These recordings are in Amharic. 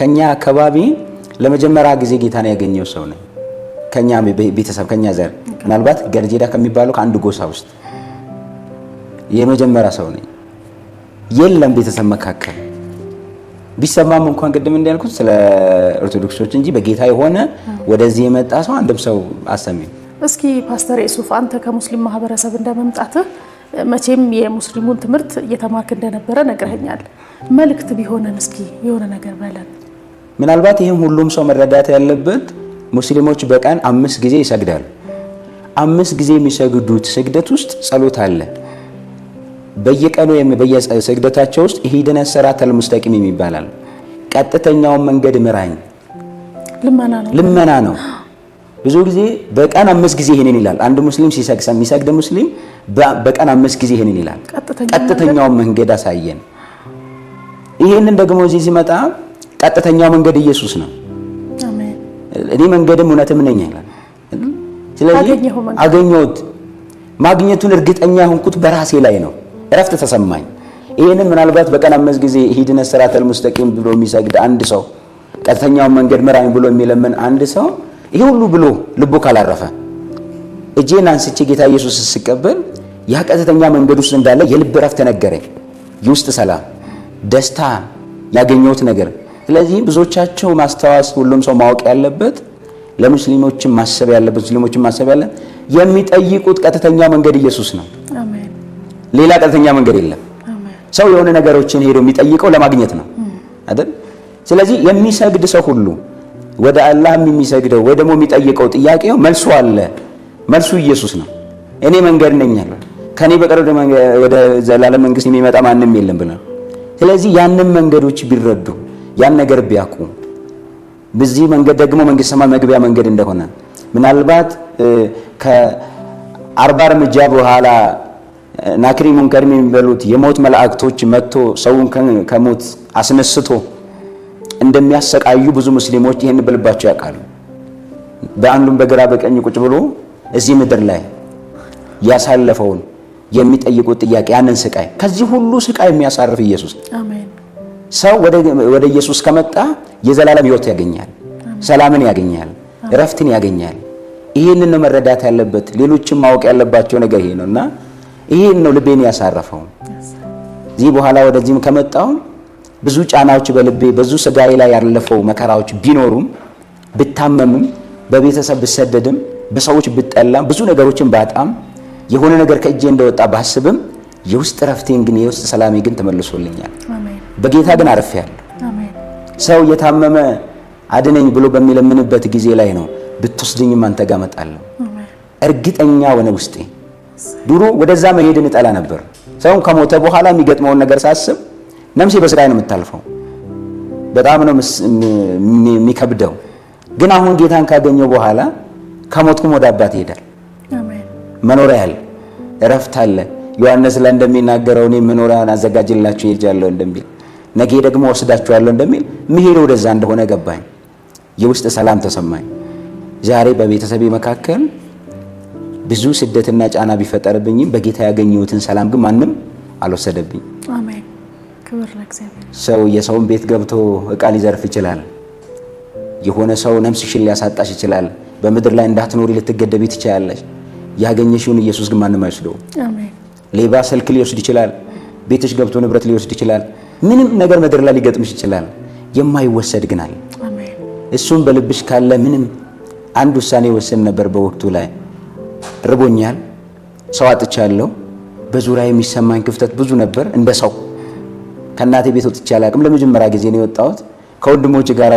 ከኛ አካባቢ ለመጀመሪያ ጊዜ ጌታን ያገኘው ሰው ነው። ከኛ ቤተሰብ ከኛ ዘር ምናልባት ገርጄዳ ከሚባለው ከአንድ ጎሳ ውስጥ የመጀመሪያ ሰው ነኝ። የለም ቤተሰብ መካከል ቢሰማም እንኳን ቅድም እንዳልኩት ስለ ኦርቶዶክሶች እንጂ በጌታ የሆነ ወደዚህ የመጣ ሰው አንድም ሰው አሰሚም። እስኪ ፓስተር ሱፍ አንተ ከሙስሊም ማህበረሰብ እንደመምጣትህ መቼም የሙስሊሙን ትምህርት እየተማርክ እንደነበረ ነግረኛል። መልእክት ቢሆነን እስኪ የሆነ ነገር በለን። ምናልባት ይህም ሁሉም ሰው መረዳት ያለበት ሙስሊሞች በቀን አምስት ጊዜ ይሰግዳሉ። አምስት ጊዜ የሚሰግዱት ስግደት ውስጥ ጸሎት አለ። በየቀኑ በየስግደታቸው ውስጥ ኢህዲነ ሲራጠል ሙስተቂም ይባላል። ቀጥተኛውን መንገድ ምራኝ ልመና ነው። ብዙ ጊዜ በቀን አምስት ጊዜ ይሄንን ይላል። አንድ ሙስሊም የሚሰግድ ሙስሊም በቀን አምስት ጊዜ ይሄንን ይላል። ቀጥተኛውን መንገድ አሳየን። ይሄንን ደግሞ እዚህ ሲመጣ ቀጥተኛው መንገድ ኢየሱስ ነው። እኔ መንገድም እውነትም ነኝ ይላል። ስለዚህ አገኘሁት። ማግኘቱን እርግጠኛ ሆንኩት በራሴ ላይ ነው። እረፍት ተሰማኝ። ይህንን ምናልባት በቀን አምስት ጊዜ ሂድነ ሰራተል ሙስተቂም ብሎ የሚሰግድ አንድ ሰው፣ ቀጥተኛውን መንገድ ምራኝ ብሎ የሚለምን አንድ ሰው ይሄ ሁሉ ብሎ ልቦ ካላረፈ እጄን አንስቼ ጌታ ኢየሱስ ስቀበል ያ ቀጥተኛ መንገድ ውስጥ እንዳለ የልብ እረፍት ነገረኝ። የውስጥ ሰላም፣ ደስታ ያገኘሁት ነገር ስለዚህ ብዙዎቻቸው ማስታወስ ሁሉም ሰው ማወቅ ያለበት ለሙስሊሞችም ማሰብ ያለበት ሙስሊሞችም ማሰብ ያለ የሚጠይቁት ቀጥተኛ መንገድ ኢየሱስ ነው። ሌላ ቀጥተኛ መንገድ የለም። ሰው የሆነ ነገሮችን ሄዶ የሚጠይቀው ለማግኘት ነው አይደል? ስለዚህ የሚሰግድ ሰው ሁሉ ወደ አላህም የሚሰግደው ወይ ደግሞ የሚጠይቀው ጥያቄው መልሱ አለ። መልሱ ኢየሱስ ነው። እኔ መንገድ ነኝ አለ። ከኔ በቀር ወደ ዘላለም መንግስት የሚመጣ ማንም የለም ብለ ስለዚህ ያንን መንገዶች ቢረዱ ያን ነገር ቢያውቁ በዚህ መንገድ ደግሞ መንግስተ ሰማይ መግቢያ መንገድ እንደሆነ ምናልባት ከአርባ እርምጃ በኋላ ናክሪ ሙንከር የሚበሉት የሞት መላእክቶች መጥቶ ሰውን ከሞት አስነስቶ እንደሚያሰቃዩ ብዙ ሙስሊሞች ይህን በልባቸው ያውቃሉ። በአንዱም በግራ በቀኝ ቁጭ ብሎ እዚህ ምድር ላይ ያሳለፈውን የሚጠይቁት ጥያቄ ያንን ስቃይ ከዚህ ሁሉ ስቃይ የሚያሳርፍ ኢየሱስ ሰው ወደ ኢየሱስ ከመጣ የዘላለም ህይወት ያገኛል፣ ሰላምን ያገኛል፣ እረፍትን ያገኛል። ይህንን ነው መረዳት ያለበት። ሌሎችም ማወቅ ያለባቸው ነገር ይሄ ነውና ይህን ነው ልቤን ያሳረፈው። እዚህ በኋላ ወደዚህም ከመጣው ብዙ ጫናዎች በልቤ ብዙ ስጋዬ ላይ ያለፈው መከራዎች ቢኖሩም ብታመምም፣ በቤተሰብ ብሰደድም፣ በሰዎች ብጠላም፣ ብዙ ነገሮችን ባጣም፣ የሆነ ነገር ከእጄ እንደወጣ ባስብም የውስጥ እረፍቴን ግን የውስጥ ሰላሜ ግን ተመልሶልኛል። በጌታ ግን አርፌያለሁ። ሰው የታመመ አድነኝ ብሎ በሚለምንበት ጊዜ ላይ ነው ብትወስድኝም አንተ ጋር እመጣለሁ እርግጠኛ ሆነ ውስጤ። ድሮ ወደዛ መሄድን እጠላ ነበር። ሰውን ከሞተ በኋላ የሚገጥመውን ነገር ሳስብ ነፍሴ በስራ ነው የምታልፈው። በጣም ነው የሚከብደው። ግን አሁን ጌታን ካገኘው በኋላ ከሞትኩም ወደ አባት ይሄዳል። መኖሪያ አለ፣ እረፍት አለ። ዮሐንስ ላይ እንደሚናገረው እኔ መኖሪያን አዘጋጅላችሁ ሄጃለሁ እንደሚል ነገ ደግሞ ወስዳችኋለሁ እንደሚል መሄድ ወደዛ እንደሆነ ገባኝ። የውስጥ ሰላም ተሰማኝ። ዛሬ በቤተሰቤ መካከል ብዙ ስደትና ጫና ቢፈጠርብኝም በጌታ ያገኘሁትን ሰላም ግን ማንም አልወሰደብኝ። ሰው የሰውን ቤት ገብቶ እቃ ሊዘርፍ ይችላል። የሆነ ሰው ነፍስሽን ሊያሳጣሽ ይችላል። በምድር ላይ እንዳትኖሪ ልትገደቢ ትችያለሽ። ያገኘሽውን ኢየሱስ ግን ማንም አይወስደው። ሌባ ስልክ ሊወስድ ይችላል። ቤትሽ ገብቶ ንብረት ሊወስድ ይችላል። ምንም ነገር ምድር ላይ ሊገጥምሽ ይችላል፣ የማይወሰድ ግን አለ። እሱም በልብሽ ካለ ምንም አንድ ውሳኔ ወሰን ነበር በወቅቱ ላይ ርቦኛል፣ ሰው አጥቻለሁ፣ በዙሪያ የሚሰማኝ ክፍተት ብዙ ነበር። እንደ ሰው ከእናቴ ቤት ወጥቼ አላቅም። ለመጀመሪያ ጊዜ ነው የወጣሁት። ከወንድሞች ጋር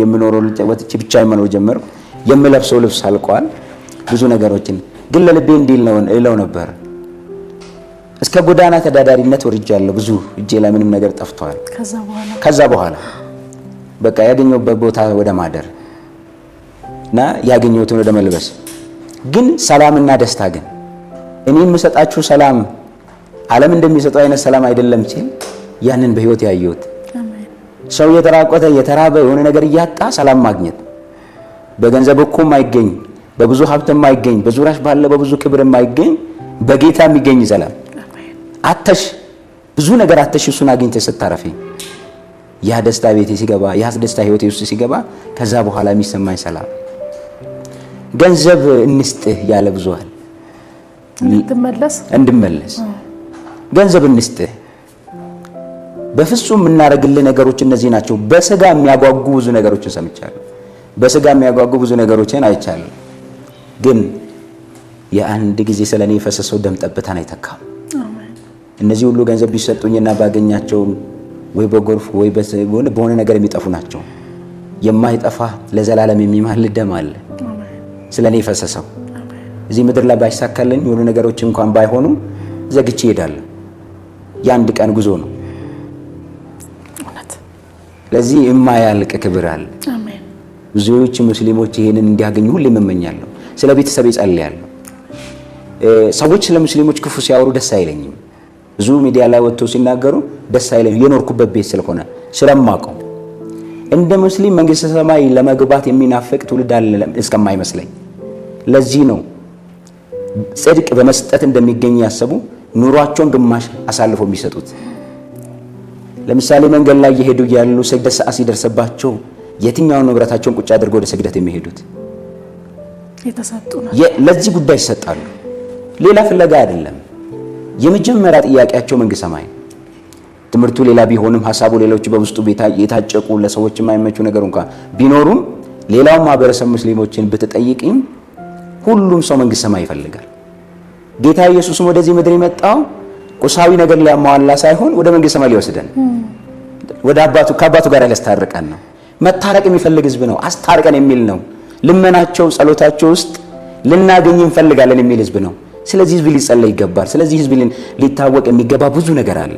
የምኖረው ወጥቼ ብቻ መኖር ጀመርኩ። የምለብሰው ልብስ አልቋል። ብዙ ነገሮችን ግን ለልቤ እንዲል ነው እለው ነበር እስከ ጎዳና ተዳዳሪነት ወርጃለሁ። ብዙ እጄ ላይ ምንም ነገር ጠፍቷል። ከዛ በኋላ በቃ ያገኘሁበት ቦታ ወደ ማደር እና ያገኘሁትን ወደ መልበስ፣ ግን ሰላምና ደስታ ግን እኔ የምሰጣችሁ ሰላም ዓለም እንደሚሰጠው አይነት ሰላም አይደለም ሲል ያንን በህይወት ያየሁት ሰው የተራቆተ የተራበ የሆነ ነገር እያጣ ሰላም ማግኘት በገንዘብ እኮ የማይገኝ በብዙ ሀብት የማይገኝ በዙሪያሽ ባለ በብዙ ክብር የማይገኝ በጌታ የሚገኝ ሰላም አተሽ ብዙ ነገር አተሽ እሱን አግኝተሽ ስታረፊ ያ ደስታ ቤቴ ሲገባ ያ ደስታ ህይወቴ ውስጥ ሲገባ ከዛ በኋላ የሚሰማኝ ሰላም። ገንዘብ እንስጥህ ያለ ብዙሃል እንድመለስ ገንዘብ እንስጥህ በፍጹም የምናደርግልህ ነገሮች እነዚህ ናቸው። በስጋ የሚያጓጉ ብዙ ነገሮችን ሰምቻለሁ። በስጋ የሚያጓጉ ብዙ ነገሮችን አይቻለሁ። ግን የአንድ ጊዜ ስለኔ የፈሰሰው ደም ጠብታን አይተካም። እነዚህ ሁሉ ገንዘብ ቢሰጡኝና ባገኛቸውም ወይ በጎርፍ ወይ በሆነ ነገር የሚጠፉ ናቸው። የማይጠፋ ለዘላለም የሚማል ደም አለ ስለ እኔ የፈሰሰው። እዚህ ምድር ላይ ባይሳካልኝ የሆኑ ነገሮች እንኳን ባይሆኑ ዘግቼ እሄዳለሁ። የአንድ ቀን ጉዞ ነው። ለዚህ የማያልቅ ክብር አለ። ብዙዎች ሙስሊሞች ይሄንን እንዲያገኙ ሁሌ እመኛለሁ። ስለ ቤተሰብ እጸልያለሁ። ሰዎች ስለ ሙስሊሞች ክፉ ሲያወሩ ደስ አይለኝም። ብዙ ሚዲያ ላይ ወጥተው ሲናገሩ ደስ አይለኝ የኖርኩበት ቤት ስለሆነ ስለማውቀው እንደ ሙስሊም መንግስተ ሰማይ ለመግባት የሚናፍቅ ትውልድ አለ እስከማይመስለኝ። ለዚህ ነው ጽድቅ በመስጠት እንደሚገኝ ያሰቡ ኑሯቸውን ግማሽ አሳልፎ የሚሰጡት። ለምሳሌ መንገድ ላይ እየሄዱ ያሉ ስግደት ሰዓት ሲደርሰባቸው የትኛውን ንብረታቸውን ቁጭ አድርገው ወደ ስግደት የሚሄዱት ለዚህ ጉዳይ ይሰጣሉ። ሌላ ፍለጋ አይደለም። የመጀመሪያ ጥያቄያቸው መንግስት ሰማይ ነው። ትምህርቱ ሌላ ቢሆንም ሀሳቡ ሌሎች በውስጡ የታጨቁ ለሰዎች የማይመቹ ነገር እንኳን ቢኖሩም ሌላው ማህበረሰብ ሙስሊሞችን ብትጠይቅም ሁሉም ሰው መንግስት ሰማይ ይፈልጋል። ጌታ ኢየሱስም ወደዚህ ምድር የመጣው ቁሳዊ ነገር ሊያሟላ ሳይሆን ወደ መንግስት ሰማይ ሊወስደን ወደ አባቱ ከአባቱ ጋር ሊያስታርቀን ነው። መታረቅ የሚፈልግ ህዝብ ነው። አስታርቀን የሚል ነው። ልመናቸው፣ ጸሎታቸው ውስጥ ልናገኝ እንፈልጋለን የሚል ህዝብ ነው። ስለዚህ ህዝብ ሊጸለይ ይገባል። ስለዚህ ህዝብ ሊታወቅ የሚገባ ብዙ ነገር አለ።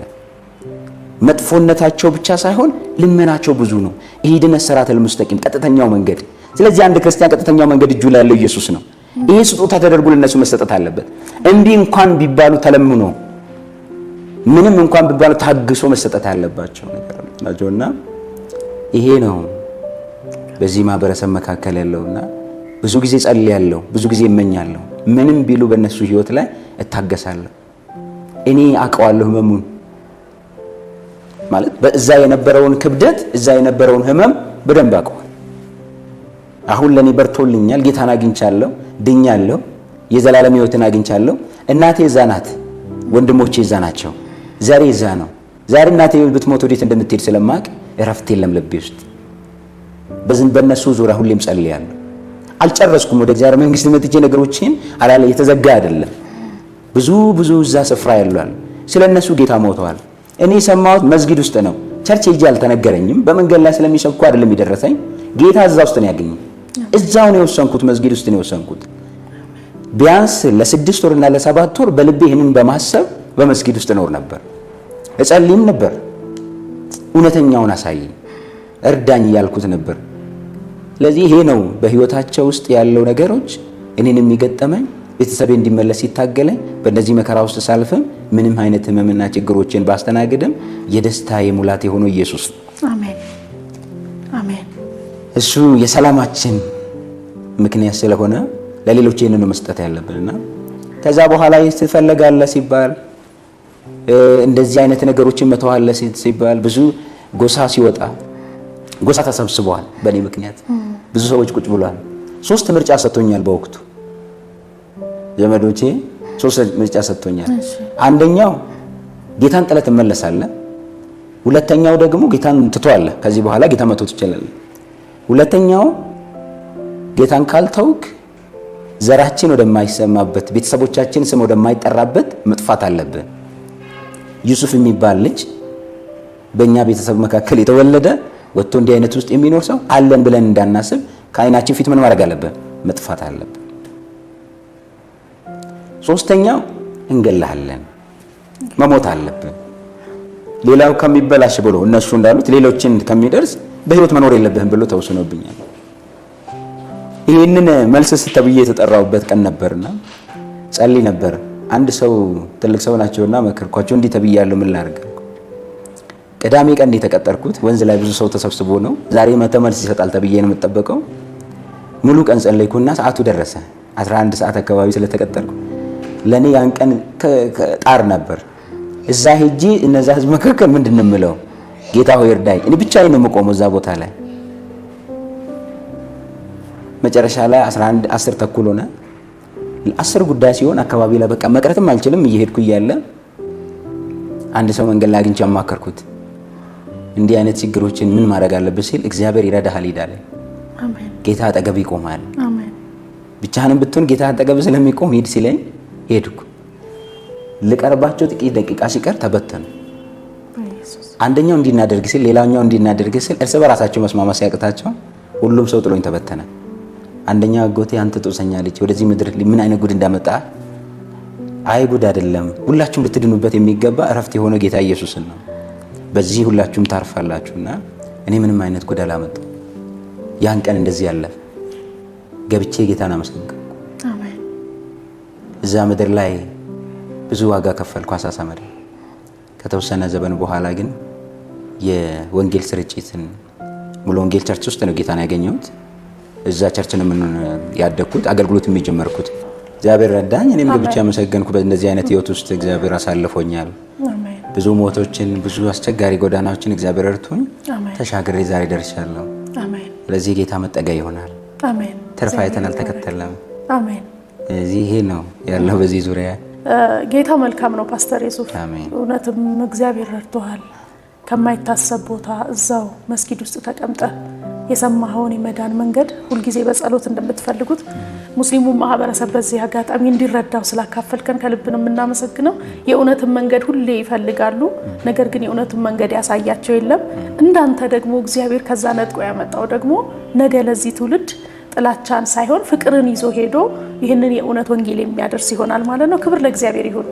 መጥፎነታቸው ብቻ ሳይሆን ልመናቸው ብዙ ነው። ኢህዲነ ሰራተ ሙስተቂም ቀጥተኛው መንገድ። ስለዚህ አንድ ክርስቲያን ቀጥተኛው መንገድ እጁ ላይ ያለው ኢየሱስ ነው። ይህ ስጦታ ተደርጎ ለነሱ መሰጠት አለበት። እምቢ እንኳን ቢባሉ ተለምኖ፣ ምንም እንኳን ቢባሉ ታግሶ መሰጠት ያለባቸው ነገር ናቸውና ይሄ ነው በዚህ ማህበረሰብ መካከል ያለውና ብዙ ጊዜ ጸልያለሁ፣ ብዙ ጊዜ እመኛለሁ። ምንም ቢሉ በእነሱ ህይወት ላይ እታገሳለሁ። እኔ አውቀዋለሁ ህመሙን ማለት በእዛ የነበረውን ክብደት እዛ የነበረውን ህመም በደንብ አውቀዋል። አሁን ለእኔ በርቶልኛል። ጌታን አግኝቻለሁ፣ ድኛለሁ፣ የዘላለም ህይወትን አግኝቻለሁ። እናቴ እዛ ናት፣ ወንድሞቼ እዛ ናቸው። ዛሬ እዛ ነው። ዛሬ እናቴ ብትሞት ወዴት እንደምትሄድ ስለማቅ እረፍት የለም ልቤ ውስጥ። በእነሱ ዙሪያ ሁሌም ጸልያለሁ። አልጨረስኩም። ወደ እግዚአብሔር መንግስት መጥቼ ነገሮችን አላለ የተዘጋ አይደለም። ብዙ ብዙ እዛ ስፍራ ያሏል። ስለ እነሱ ጌታ ሞተዋል። እኔ የሰማሁት መስጊድ ውስጥ ነው። ቸርች ሄጄ አልተነገረኝም። በመንገድ ላይ ስለሚሰብኩ አይደለም የደረሰኝ። ጌታ እዛ ውስጥ ነው ያገኘኝ። እዛው ነው የወሰንኩት፣ መስጊድ ውስጥ ነው የወሰንኩት። ቢያንስ ለስድስት ወር እና ለሰባት ወር በልቤ ይህንን በማሰብ በመስጊድ ውስጥ እኖር ነበር፣ እጸልይም ነበር። እውነተኛውን አሳየኝ፣ እርዳኝ እያልኩት ነበር። ስለዚህ ይሄ ነው በህይወታቸው ውስጥ ያለው ነገሮች እኔን የሚገጠመኝ ቤተሰቤ እንዲመለስ ሲታገለኝ በእነዚህ መከራ ውስጥ ሳልፍም ምንም አይነት ህመምና ችግሮችን ባስተናግድም የደስታ የሙላት የሆነው ኢየሱስ እሱ የሰላማችን ምክንያት ስለሆነ ለሌሎች ይህንን ነው መስጠት ያለብንና ከዛ በኋላ ትፈለጋለህ ሲባል እንደዚህ አይነት ነገሮችን መተዋለ ሲባል ብዙ ጎሳ ሲወጣ ጎሳ ተሰብስበዋል። በእኔ ምክንያት ብዙ ሰዎች ቁጭ ብለዋል። ሶስት ምርጫ ሰጥቶኛል። በወቅቱ ዘመዶቼ ሶስት ምርጫ ሰጥቶኛል። አንደኛው ጌታን ጥለት እመለሳለሁ። ሁለተኛው ደግሞ ጌታን ትቷለ። ከዚህ በኋላ ጌታ መቶ ትችላለህ። ሁለተኛው ጌታን ካልተውክ ዘራችን ወደማይሰማበት ቤተሰቦቻችን ስም ወደማይጠራበት መጥፋት አለብን። ዩሱፍ የሚባል ልጅ በእኛ ቤተሰብ መካከል የተወለደ ወጥቶ እንዲህ አይነት ውስጥ የሚኖር ሰው አለን ብለን እንዳናስብ ከአይናችን ፊት ምን ማድረግ አለብን? መጥፋት አለብን። ሶስተኛው እንገላሃለን፣ መሞት አለብን። ሌላው ከሚበላሽ ብሎ እነሱ እንዳሉት ሌሎችን ከሚደርስ በህይወት መኖር የለብህም ብሎ ተወስኖብኛል። ይህንን መልስ ስተብዬ የተጠራውበት ቀን ነበርና ጸልይ ነበር። አንድ ሰው ትልቅ ሰው ናቸውና መከርኳቸው። እንዲህ ተብያለሁ ምን ላድርግ ቅዳሜ ቀን የተቀጠርኩት ወንዝ ላይ ብዙ ሰው ተሰብስቦ ነው። ዛሬ መጥተህ መልስ ይሰጣል ተብዬ ነው የምጠበቀው። ሙሉ ቀን ጸለይኩና ሰዓቱ ደረሰ። 11 ሰዓት አካባቢ ስለተቀጠርኩ ለእኔ ያን ቀን ጣር ነበር። እዛ ሄጂ እነዛ ህዝብ መካከል ምንድን ነው የምለው? ጌታ ሆይ እርዳኝ። እኔ ብቻዬን ነው የምቆመው እዛ ቦታ ላይ። መጨረሻ ላይ 11 10 ተኩል ሆነ። አስር ጉዳይ ሲሆን አካባቢ ላይ በቃ መቅረትም አልችልም። እየሄድኩ እያለ አንድ ሰው መንገድ ላይ አግኝቼ አማከርኩት። እንዲህ አይነት ችግሮችን ምን ማድረግ አለብህ ሲል እግዚአብሔር ይረዳሃል፣ ሄዳለህ፣ ጌታ አጠገብ ይቆማል። ብቻህንም ብትሆን ጌታ አጠገብ ስለሚቆም ሂድ ሲለኝ ሄድኩ። ልቀርባቸው ጥቂት ደቂቃ ሲቀር ተበተኑ። አንደኛው እንዲናደርግ ሲል፣ ሌላኛው እንዲናደርግ ሲል እርስ በራሳቸው መስማማት ሲያቅታቸው ሁሉም ሰው ጥሎኝ ተበተነ። አንደኛው አጎቴ አንተ ጦሰኛ ልጅ ወደዚህ ምድር ምን አይነት ጉድ እንዳመጣ አይ ጉድ አይደለም፣ ሁላችሁም ልትድኑበት የሚገባ እረፍት የሆነ ጌታ ኢየሱስን ነው በዚህ ሁላችሁም ታርፋላችሁና እኔ ምንም አይነት ጎዳ አላመጣሁም። ያን ቀን እንደዚህ ያለፈ ገብቼ ጌታን አመሰግንኩ። እዛ ምድር ላይ ብዙ ዋጋ ከፈልኩ አሳሳ መሪ። ከተወሰነ ዘመን በኋላ ግን የወንጌል ስርጭትን ሙሉ ወንጌል ቸርች ውስጥ ነው ጌታን ያገኘሁት። እዛ ቸርች ነው ምን ያደግኩት፣ አገልግሎት የጀመርኩት። እግዚአብሔር ረዳኝ፣ እኔም ገብቼ አመሰገንኩ። በእንደዚህ አይነት ህይወት ውስጥ እግዚአብሔር አሳልፎኛል። ብዙ ሞቶችን ብዙ አስቸጋሪ ጎዳናዎችን እግዚአብሔር እርቱኝ ተሻግሬ ዛሬ ደርሻለሁ። ስለዚህ ጌታ መጠጊያ ይሆናል። ትርፍ አይተን አልተከተለም። እዚህ ይሄ ነው ያለው። በዚህ ዙሪያ ጌታ መልካም ነው። ፓስተር የሱፍ እውነትም እግዚአብሔር ረድቶሃል። ከማይታሰብ ቦታ እዛው መስጊድ ውስጥ ተቀምጠ የሰማኸውን የመዳን መንገድ ሁልጊዜ በጸሎት እንደምትፈልጉት ሙስሊሙ ማህበረሰብ በዚህ አጋጣሚ እንዲረዳው ስላካፈልከን ከልብ ነው የምናመሰግነው። የእውነትን መንገድ ሁሌ ይፈልጋሉ፣ ነገር ግን የእውነትን መንገድ ያሳያቸው የለም። እንዳንተ ደግሞ እግዚአብሔር ከዛ ነጥቆ ያመጣው ደግሞ ነገ ለዚህ ትውልድ ጥላቻን ሳይሆን ፍቅርን ይዞ ሄዶ ይህንን የእውነት ወንጌል የሚያደርስ ይሆናል ማለት ነው። ክብር ለእግዚአብሔር ይሁን።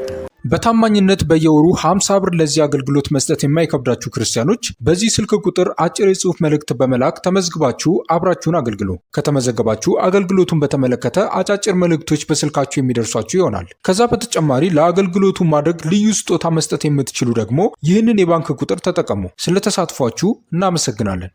በታማኝነት በየወሩ 50 ብር ለዚህ አገልግሎት መስጠት የማይከብዳችሁ ክርስቲያኖች በዚህ ስልክ ቁጥር አጭር የጽሑፍ መልእክት በመላክ ተመዝግባችሁ አብራችሁን አገልግሉ። ከተመዘገባችሁ አገልግሎቱን በተመለከተ አጫጭር መልእክቶች በስልካችሁ የሚደርሷችሁ ይሆናል። ከዛ በተጨማሪ ለአገልግሎቱ ማድረግ ልዩ ስጦታ መስጠት የምትችሉ ደግሞ ይህንን የባንክ ቁጥር ተጠቀሙ። ስለተሳትፏችሁ እናመሰግናለን።